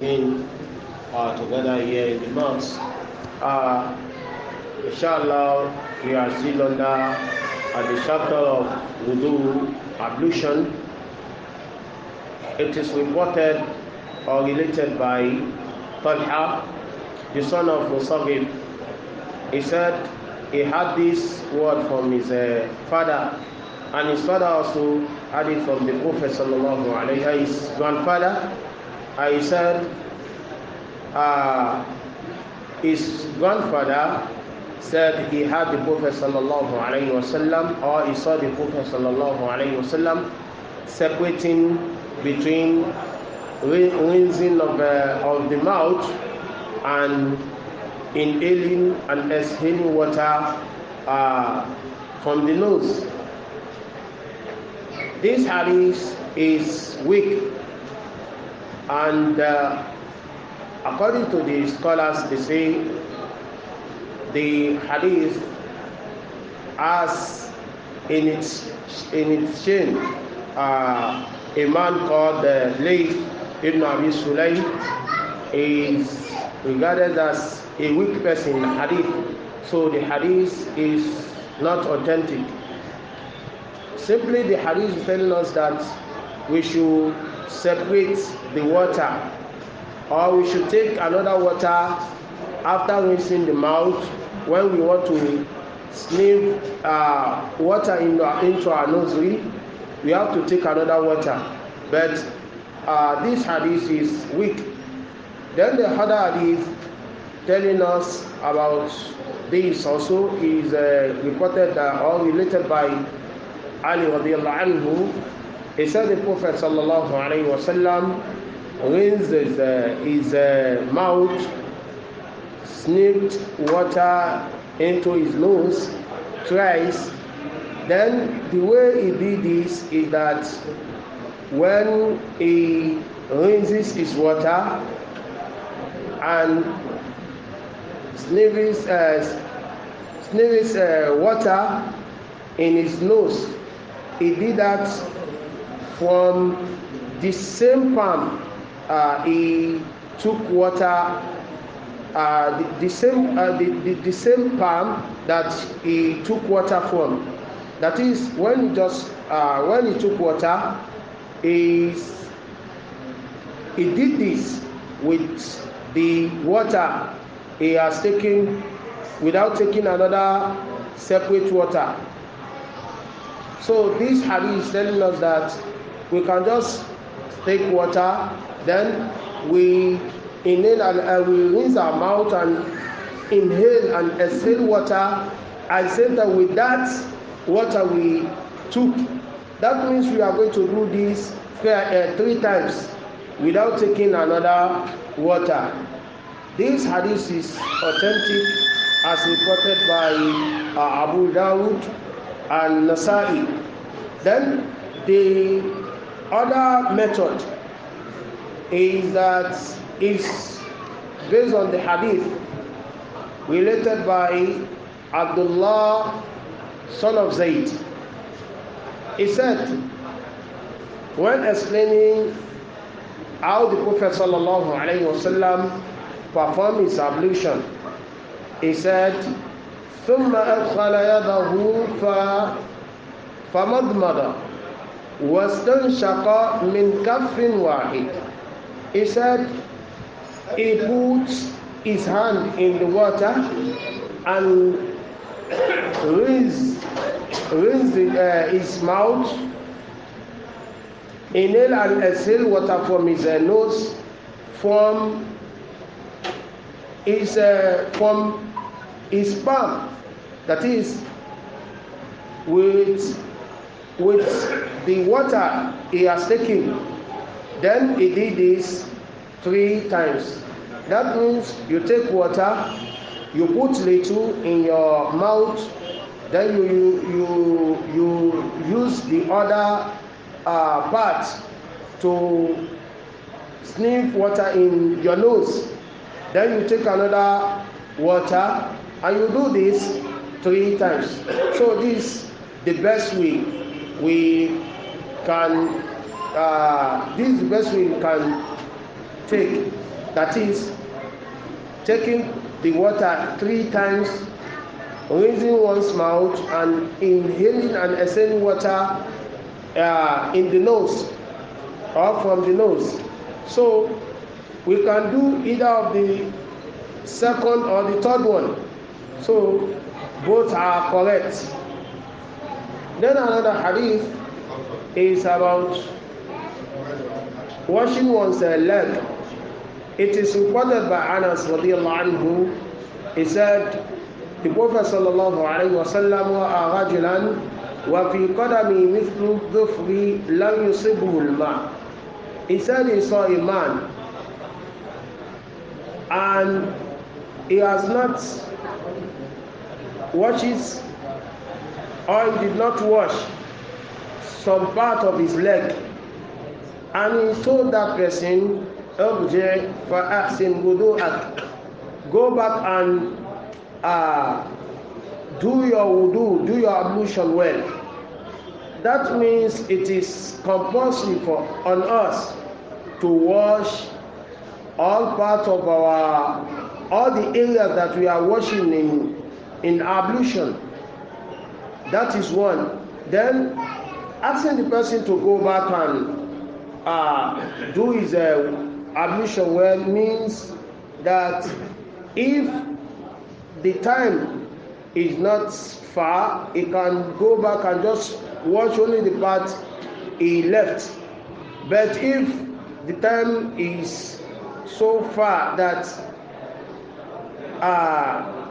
In uh, together here in the mosque, Uh, inshallah, we are still under uh, the chapter of wudu ablution. It is reported or related by Talha, the son of Musabib. He said he had this word from his uh, father, and his father also had it from the Prophet sallallahu alaihi his grandfather. I said uh, his grandfather said he had the Prophet sallallahu alaihi wasallam or he saw the Prophet sallallahu alaihi wasallam separating between rinsing of, uh, of the mouth and inhaling and exhaling water uh, from the nose. This hadith is weak and uh, according to the scholars, they say the hadith has in its in its chain uh, a man called uh, ibn Abi Sulaym is regarded as a weak person in hadith. So the hadith is not authentic. Simply, the hadith is telling us that we should separate the water or we should take another water after rinsing the mouth when we want to sniff uh, water in our, into our nursery we have to take another water but uh, this hadith is weak then the other hadith telling us about this also is uh, reported uh, or related by Ali radiallahu anhu He said the Prophet sallallahu alaihi wasallam rinsed his, uh, his uh, mouth, snipped water into his nose twice. Then the way he did this is that when he rinses his water and sniffs, uh, sniffs uh, water in his nose, he did that from the same palm uh, he took water uh, the, the, same uh, the, the, the, same palm that he took water from that is when he just uh, when he took water he, he did this with the water he has taken without taking another separate water so this hadith is telling us that we can just take water then we inhale and uh, we rinse our mouth and inhale and exhale water and say that with that water we took that means we are going to do this uh, three times without taking another water this hadith is authentic as reported by uh, abu dawud and nasai then the Other method is that it's based on the hadith related by Abdullah son of Zayd. He said, when explaining how the Prophet وسلم, performed his ablution, he said, ثم أدخل يده فمضمض wasdan shaka min kafrin wahid. He said, he puts his hand in the water and rinse, rinse uh, his mouth, inhale and exhale water from his uh, nose, from his uh, from his palm, that is, with with the water he has taken then he did this three times that means you take water you put little in your mouth then you you you, you use the other uh, part to sniff water in your nose then you take another water and you do this three times so this the best way we can uh, this is the best way you can take that is taking the water three times raising one's mouth and inhaling and exhaling water uh, in the nose or from the nose so we can do either of the second or the third one so both are correct then another hadith is about washing oneself uh, leg. It is reported by Anas radiallahu anhu. He said, the Prophet sallallahu alayhi wa sallam wa rajulan wa fi qadami mithlu dhufri lam yusibhu al-ma. He said he saw a man and he has not washed or he did not wash some part of his leg and he told that person object for asking wudu at go back and uh, do your wudu do your ablution well that means it is compulsory for on us to wash all part of our all the areas that we are washing in in ablution that is one then asking the person to go back and uh, do his uh, admission well means that if the time is not far, he can go back and just watch only the part he left. But if the time is so far that uh,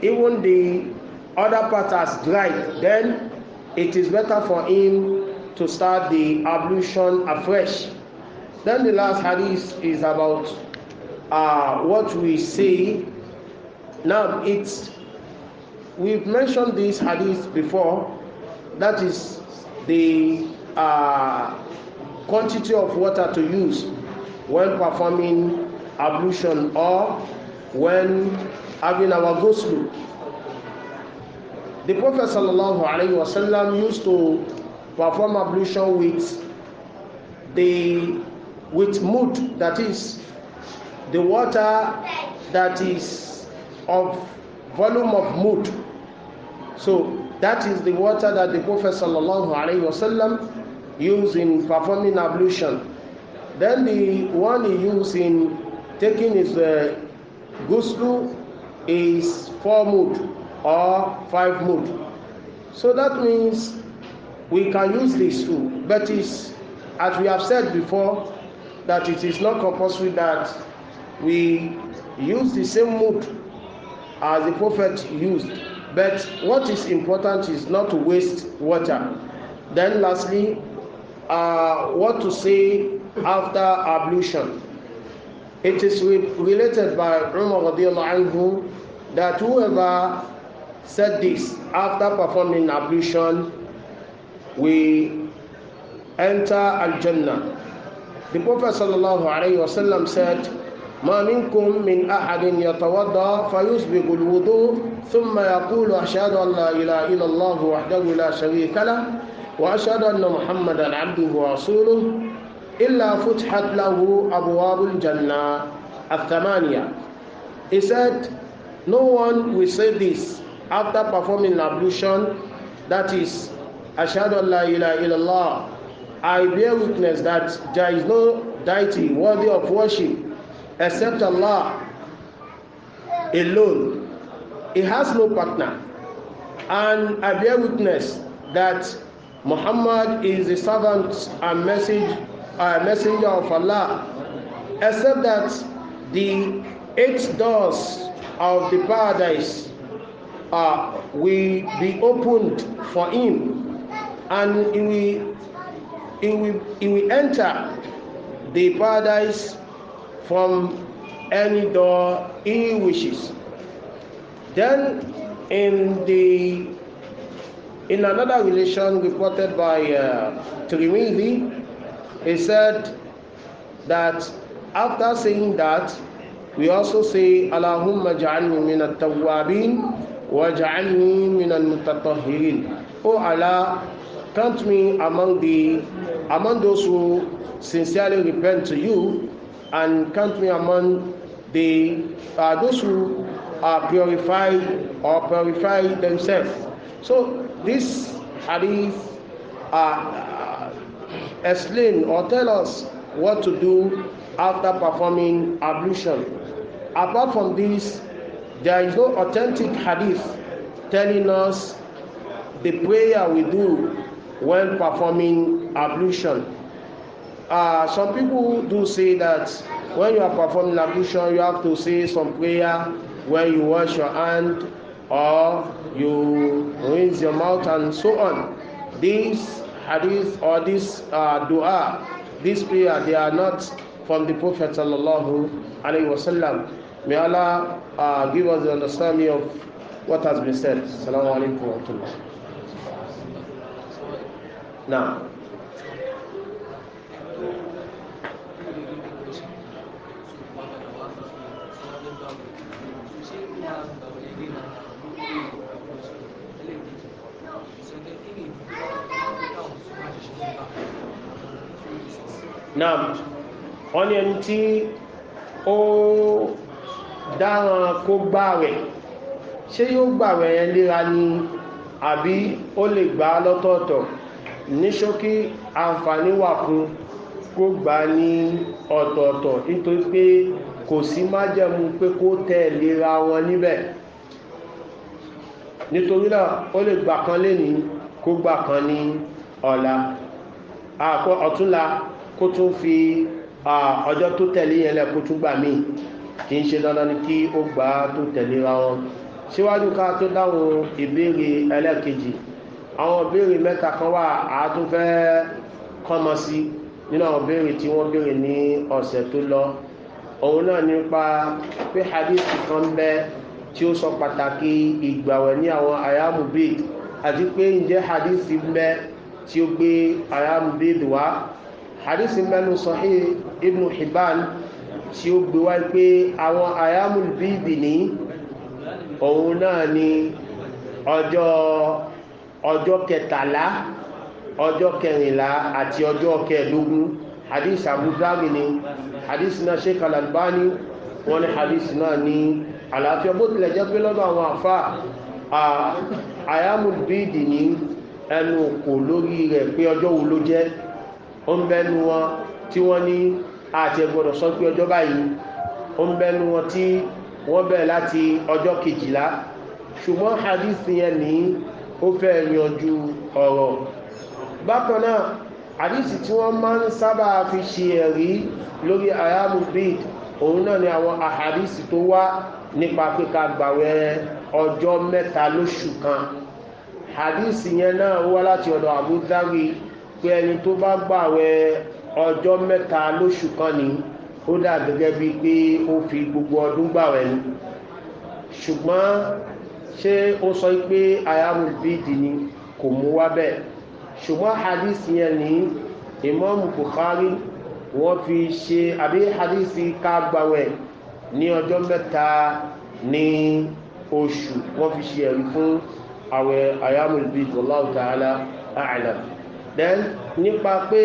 even the other part has dried, then it is better for him to start the ablution afresh. Then the last hadith is about uh, what we see. Now, it's we've mentioned this hadith before. That is the uh, quantity of water to use when performing ablution or when having our ghusl The Prophet sallallahu alaihi wasallam used to perform ablution with the with mud that is the water that is of volume of mud. So that is the water that the Prophet sallallahu alaihi wasallam used in performing ablution. Then the one he used in taking his uh, ghusl is four mud. or five mode. So that means we can use this tool. but it's, as we have said before, that it is not compulsory that we use the same mode as the prophet used. But what is important is not to waste water. Then, lastly, uh, what to say after ablution. It is re related by Umar anhu that whoever said this after performing ablution we enter al-jannah the prophet sallallahu alaihi wasallam said ما منكم من أحد يتوضأ فيسبق الوضوء ثم يقول أشهد أن لا إله إلا الله وحده لا شريك له وأشهد أن محمدا عبده ورسوله إلا فتحت له أبواب الجنة الثمانية He said, no one will say this after performing ablution, that is, Ashadu Allah ilaha illallah, I bear witness that there is no deity worthy of worship except Allah alone. He has no partner. And I bear witness that Muhammad is the servant and message, uh, messenger of Allah, except that the eight doors of the paradise uh, will be opened for him and he will, he will, he will enter the paradise from any door he wishes. Then in the in another relation reported by uh, Tirmidhi, he said that after saying that, we also say Allahumma ja'alni min at-tawwabin واجعلني من المتطهرين Oh Allah, count me among the among those who sincerely repent to you and count me among the uh, those who are purified or purify themselves. So this hadith uh, uh explain or tell us what to do after performing ablution. Apart from this, There is no authentic hadith telling us the prayer we do when performing ablution. Uh, some people do say that when you are performing ablution, you have to say some prayer when you wash your hand or you rinse your mouth and so on. These hadith or this uh, dua, this prayer, they are not from the Prophet sallallahu alaihi wasallam. May Allah uh, give us the understanding of what has been said. Assalamu alaikum wa rahmatullah. Now. Now, wọ́n ó dáràn kó gbààwẹ̀ ṣé yóò gbààwẹ̀ yẹn léra ni àbí ó lè gbà á lọ́tọ̀ọ̀tọ̀ ní ṣókí àǹfààní wà fún kó gbà á ní ọ̀tọ̀ọ̀tọ̀ nítorí pé kò sí májẹ̀mú pé kó tẹ̀ léra wọn níbẹ̀ nítorí náà ó lè gbà kan lénìí kó gbà kan ní ọ̀la ọ̀túnla kó tún fi ọjọ́ tó tẹ̀lé yẹn lẹ̀ tún gbà míì kì í ṣe dandan ni kí ó gbà á tó tẹ̀léra wọn síwájú ká tó dáhùn ìbéèrè ẹlẹ́ẹ̀kejì àwọn ìbéèrè mẹ́ta kan wà á tún fẹ́ kọ́mọ sí nínú àwọn ìbéèrè tí wọ́n béèrè ní ọ̀sẹ̀ tó lọ òun náà nípa pé hadith kan bẹ tí ó sọ pàtàkì ìgbàwẹ̀ ní àwọn ayamu àti pé ǹjẹ́ hadith bẹ tí ó gbé ayamu wá hadith mẹ́nu sahih ibnu hibban tí ó gbé wá pé àwọn ayamul bíbì ní òun náà ni ọjọ́ ọjọ́ kẹtàlá ọjọ́ kẹrìnlá àti ọjọ́ kẹẹ̀dógún hadith abudulayi ni hadith náà sheikh alalbani wọ́n ní hadith náà ní àlàáfíà bó tilẹ̀ jẹ́ pé lọ́dọ̀ àwọn àfá ayamul bíbì ní ẹnu kò lórí rẹ̀ pé ọjọ́ wo ló jẹ́ ó ń bẹ́nu wọn tí wọ́n ní àti ẹgbọ́dọ̀ sọ pé ọjọ́ báyìí ó ń bẹ́nu wọn tí wọ́n bẹ̀rẹ̀ láti ọjọ́ kejìlá ṣùgbọ́n hadith yẹn ní ó fẹ́ yanjú ọ̀rọ̀ bákan náà hadith tí wọ́n máa ń sábà fi ṣe ẹ̀rí lórí ayamu bid òun náà ni àwọn ahadith tó wá nípa pípa gbàwẹ̀ ọjọ́ mẹ́ta lóṣù kan hadith yẹn náà wá láti ọ̀dọ̀ àbúdárí pé ẹni tó bá gbàwẹ̀ ọjọ́ mẹ́ta lóṣù kan ni ó dà gẹ́gẹ́ bí pé ó fi gbogbo ọdún gbàwẹ̀ ni ṣùgbọ́n ṣé ó sọ pé ayamu bídì ni kò mú wá bẹ́ẹ̀ ṣùgbọ́n hadith yẹn ní ìmáàmù Bukhari wọ́n fi ṣe àbí hadith ká gbàwẹ̀ ní ọjọ́ mẹ́ta ní oṣù wọ́n fi ṣe ẹ̀rí fún àwẹ̀ ayamu bídì Wallahu ta'ala then nípa pé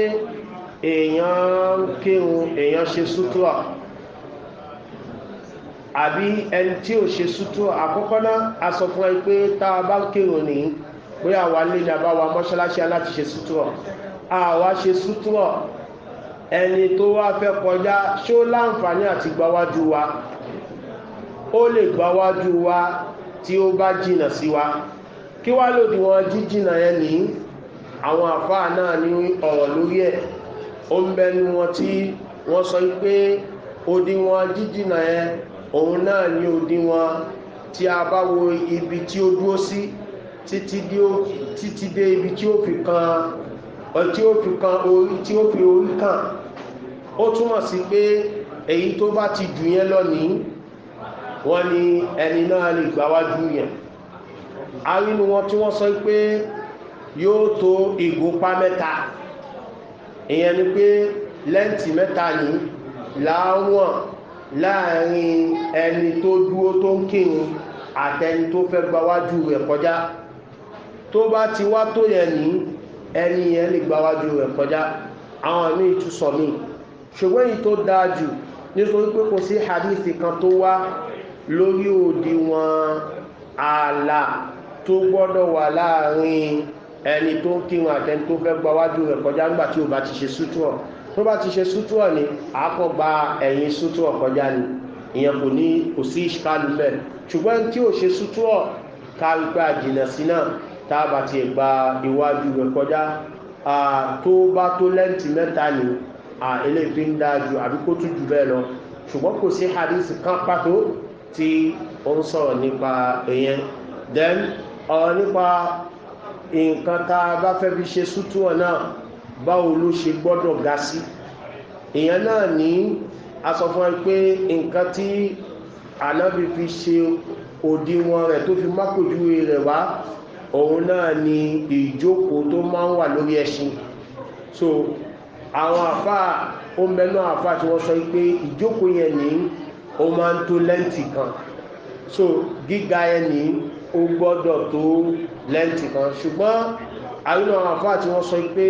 èèyàn kéhun èèyàn ṣe sútúà àbí ẹni tí ò ṣe sútúà àkọ́kọ́ náà a sọ fún ẹ pé tá a bá kéhun ní bóyá wà lè ní àbáwà mọ́ṣálásí aláti ṣe sútúà àwa ṣe sútúà ẹni tó wá fẹ́ kọjá ṣó láǹfààní àti gbáwájú wa ó lè gbáwájú wa tí ó bá jìnà sí wa kí wá lòdì wọn jíjìnà ẹni àwọn àfáà náà ní ọ̀rọ̀ lórí ẹ̀ ó ń bẹnu wọn tí wọ́n sọ pé òdiwọ̀n jíjìnà ẹ òun náà ní òdiwọ̀n tí a bá wo ibi tí ó dúó sí títí dé ibi tí ó fi kan tí ó fi kan orí tí ó fi orí kàn ó túnmọ̀ sí pé èyí tó bá ti jù yẹn lọ wọ́n ni ẹni náà lè gbáwájú yẹn arínú wọn tí wọ́n sọ pé yóò tó ìgúnpá mẹ́ta èyàn ni pé lẹ́ǹtì mẹ́ta ní láwọn láàrin ẹni tó dúó tó ń kírun àtẹni tó fẹ́ gbáwájú rẹ̀ kọjá tó bá ti wá tó yẹ ní ẹni yẹn lè gbáwájú rẹ̀ kọjá àwọn míì tún sọ míì ṣùgbọ́n èyí tó dáa jù nítorí pé kò sí hadithi kan tó wá lórí òdiwọ̀n ààlà tó gbọ́dọ̀ wà láàrin ẹni tó ń kírun àtẹni tó fẹ́ gba wájú rẹ̀ kọjá nígbà tí ò bá ti ṣe sútúọ̀ tó bá ti ṣe sútúọ̀ ni àákọ́ gba ẹ̀yìn sútúọ̀ kọjá ni ìyẹn kò ní kò sí ìṣkálu bẹ́ẹ̀ ṣùgbọ́n tí ò ṣe sútúọ̀ kárí pé àjìnà sí náà tá a bá ti gba iwájú rẹ̀ kọjá tó bá tó lẹ́ǹtì mẹ́ta ni eléyìí ń dáa ju àbí kó tún jù bẹ́ẹ̀ lọ ṣùgbọ́n kò sí hadith kan pàtó tí ó ń sọ̀rọ̀ nípa ìyẹn then ọ̀rọ̀ nípa nǹkan tá a bá fẹ́ fi ṣe sútúọ̀ náà báwo ló ṣe gbọ́dọ̀ ga sí èèyàn náà ní asọ̀fún ẹ pé nǹkan tí ànábì fi ṣe òdiwọ̀n rẹ̀ tó fi mákòjúwe rẹ̀ wá òun náà ni ìjókòó tó máa ń wà lórí ẹṣin so àwọn àfá ó mẹ́nà àfá tí wọ́n sọ pé ìjókòó yẹn ní o máa ń tó lẹ́ǹtì kan so gíga yẹn ní ó gbọ́dọ̀ tó lẹ́ǹtì kan ṣùgbọ́n àyínà àfá tí wọ́n sọ pé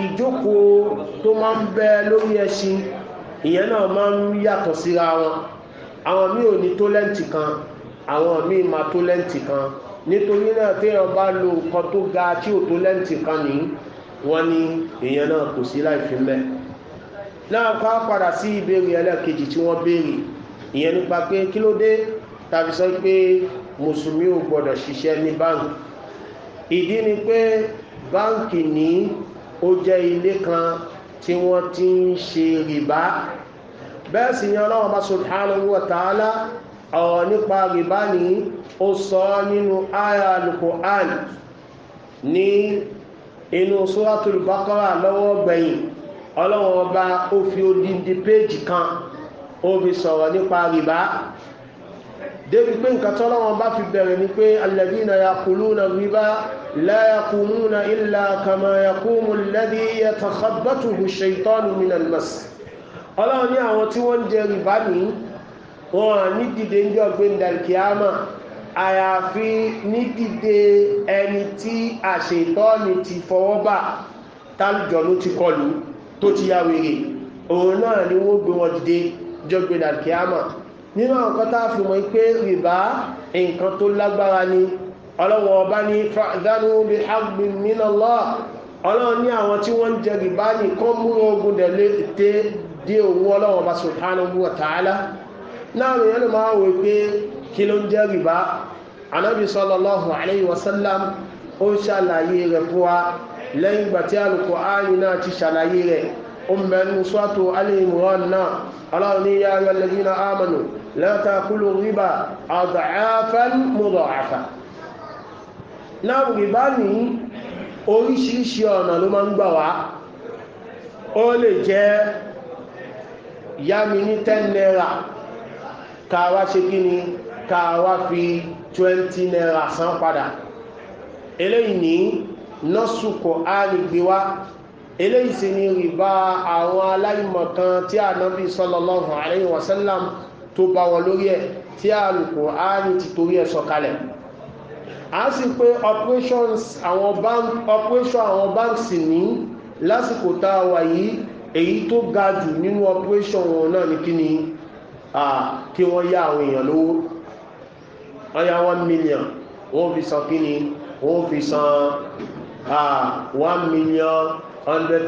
ìjókòó tó máa ń bẹ lórí ẹṣin ìyẹn náà máa ń yàtọ̀ síra wọn àwọn míì ò ní tó lẹ́ǹtì kan àwọn míì máa tó lẹ́ǹtì kan nítorí náà téèyàn bá lo nǹkan tó ga tí ò tó lẹ́ǹtì kan ní wọ́n ní èèyàn náà kò sí láìfin mẹ́ náà ká padà sí ìbéèrè ẹlẹ́ẹ̀kejì tí wọ́n béèrè ìyẹn nípa pé kí ló dé tàbí sọ pé mùsùlùmí ò gbọ́dọ̀ ṣiṣẹ́ ní báńkì ìdí ni pé báńkì ní ó jẹ́ ilé kan tí wọ́n ti ń ṣe rìbá bẹ́ẹ̀ sì ni ọlọ́wọ́ bá subhanahu wa ta'ala ọ̀rọ̀ nípa rìbá ní ó sọ nínú àyà al-Qur'an ní inú suratul Baqara lọ́wọ́ gbẹ̀yìn ọlọ́wọ́ bá ó fi odindi péjì kan ó fi sọ̀rọ̀ nípa rìbá débi pé nǹkan tọ́lọ́wọ́n bá fi bẹ̀rẹ̀ ni pé alladhina yaquluna riba la yaqumuna illa kama yaqumu alladhi yatakhabbathu ash-shaytanu min al-mas ọlọ́run ní àwọn tí wọ́n ń jẹ rìbá ní wọn ní dìde ń jọ ndàlkìámà àyàfi ní dìde ẹni tí àṣetọ́ni ti fọwọ́ bà tálùjọ ló ti kọlù tó ti yá wèrè òun náà ni wọ́n gbé wọn dìde jọ ndàlkìámà nínú àwọn kan táà fi mọ̀ pé rìbá nǹkan tó lágbára ni ọlọ́wọ́ ọba ní fàdánù bí hagbin mínàlá ọlọ́wọ́ ní àwọn tí wọ́n ń jẹ rìbá ní kọ́ múrò ogun dẹ̀lé tẹ́ dé owó ọlọ́wọ́ ọba subhanahu wa ta'ala láàrin yẹn ló máa wò pé kí ló ń jẹ rìbá anábì sallallahu alayhi látàkúlò ríbà àdàáfẹ́ mọ́dọ̀ àfà náà ríbá ní oríṣiríṣi ọ̀nà ló máa ń gbà wá ó lè jẹ́ yámi ní 10 naira káàwá ṣe kí ni káàwá fi 20 naira san padà eléyìí ní nọ́sùkọ̀ àrígbéwá eléyìí sì ni ríbá àwọn aláìmọ̀kan tí ànábì sallallahu alaihi wasallam tó bá wọn lórí ẹ̀ tí Al-Kùránì ti torí ẹ̀ sọ̀kalẹ̀ a sì pé operations àwọn bank operation àwọn banks ní lásìkò tá a wà yìí èyí tó ga jù nínú operation wọn náà ní kíni kí wọ́n yá àwọn èèyàn lówó wọ́n yá 1 million wọ́n fi san kíni wọ́n fi san 1 million 100,000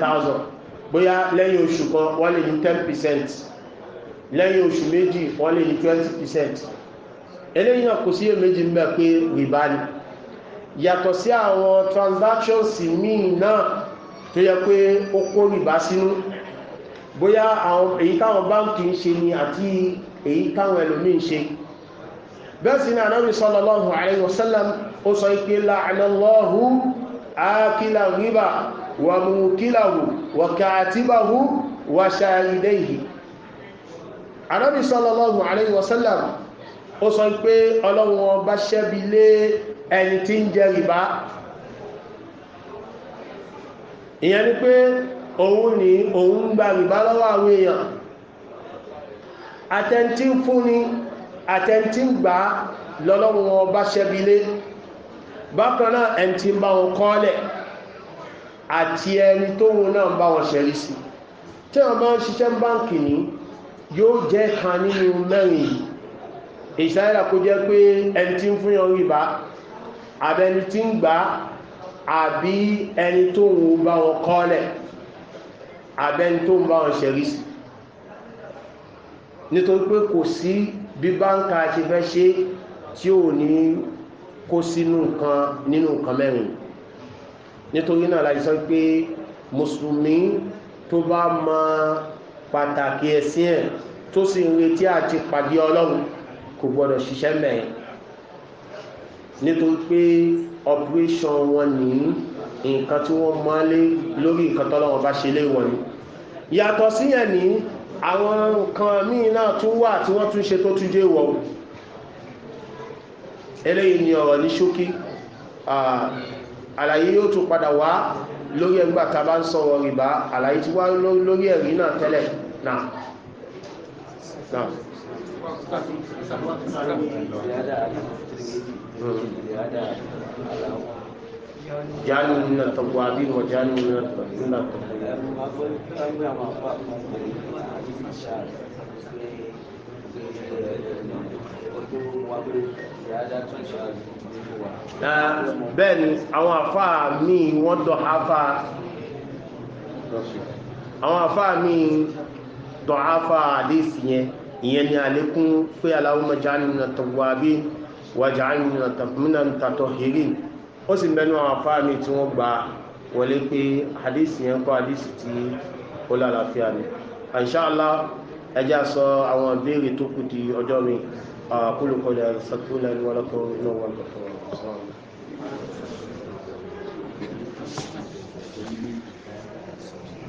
bóyá lẹ́yìn oṣù kan wọ́n lè ní 10 percent lẹ́yìn oṣù méjì wọ́n lè 20% eléyìn kò sí èméjì ń bẹ̀ pé rìbá ni yàtọ̀ sí àwọn transactions míì náà tó yẹ pé ó kó rìbá sínú bóyá èyí táwọn báńkì ń ṣe ni àti èyí táwọn ẹlòmí ń ṣe bẹ́ẹ̀ sí ní anábì wa mukilahu wa anábì sallallahu alayhi wa sallam ó sọ pé ọlọ́run ọba ṣẹ́bi lé ẹni tí ń jẹ rìbá ìyẹn ni pé òun ni òun ń gba rìbá lọ́wọ́ àwọn èèyàn àtẹ́ntí ń fúnni àtẹ́ntí gbà lọ́lọ́run ọba ṣẹ́bi lé bákan ẹni tí ń bá wọn kọ́ọ́lẹ̀ àti ẹni tó wọn náà bá wọn ṣẹ̀rí sí tí wọ́n bá ń ṣiṣẹ́ báǹkì ní yóò jẹ́ kan nínú mẹ́rin yìí ìsáyẹ́dà kó jẹ́ pé ẹni tí ń fún yàn rìbá àbẹni tí ń gbà àbí ẹni tó ń bá wọn kọ́lẹ̀ àbẹni tó ń bá wọn ṣẹ̀rí sí nítorí pé kò sí bí báńkà ṣe fẹ́ ṣe tí ò ní kó sínú nǹkan nínú nǹkan mẹ́rin nítorí náà láti sọ pé mùsùlùmí tó bá máa pàtàkì ẹ̀sìn ẹ̀ tó sì ń retí àti pàdé ọlọ́run kò gbọ́dọ̀ ṣiṣẹ́ mẹ́rin nítorí pé operation wọn ní nǹkan tí wọ́n máa lé lórí nǹkan tọ́lọ́wọ́n bá ṣe léwọ̀n ni yàtọ̀ síyẹn ní àwọn nǹkan míì náà tún wà tí wọ́n tún ṣe tó tún jẹ́ ìwọ̀ eléyìí ni ọ̀rọ̀ ní ṣókí àlàyé yóò tún padà wá lórí ẹgbàta bá ń sọ̀rọ̀ rìbá àlàyé tí wá lórí ẹ̀rí náà tẹ́lẹ̀ náà náà. jánu nínú tọ̀gbọ̀ àbí wọ̀ jánu nínú tọ̀gbọ̀. bẹ́ẹ̀ni àwọn àfáà míì wọ́n dọ̀ àfáà àwọn àfáà míì dọ̀áfà àdéhìsì yẹn ìyẹn ni àlékún pé Allahumma ja'alna tawwabin wa ja'alna minan tatahirin ó sì mẹ́nu àwọn afáà mi tí wọ́n gba wọlé pé àdéhìsì yẹn kọ́ àdéhìsì tí ó lálàáfíà ni inṣáàlá ẹjá sọ àwọn ìbéèrè tó kù di ọjọ́ mi àkúlùkọ̀lẹ̀ sàkúlẹ̀ ní wọ́n lọ́kọ̀ọ́ náà wọ́n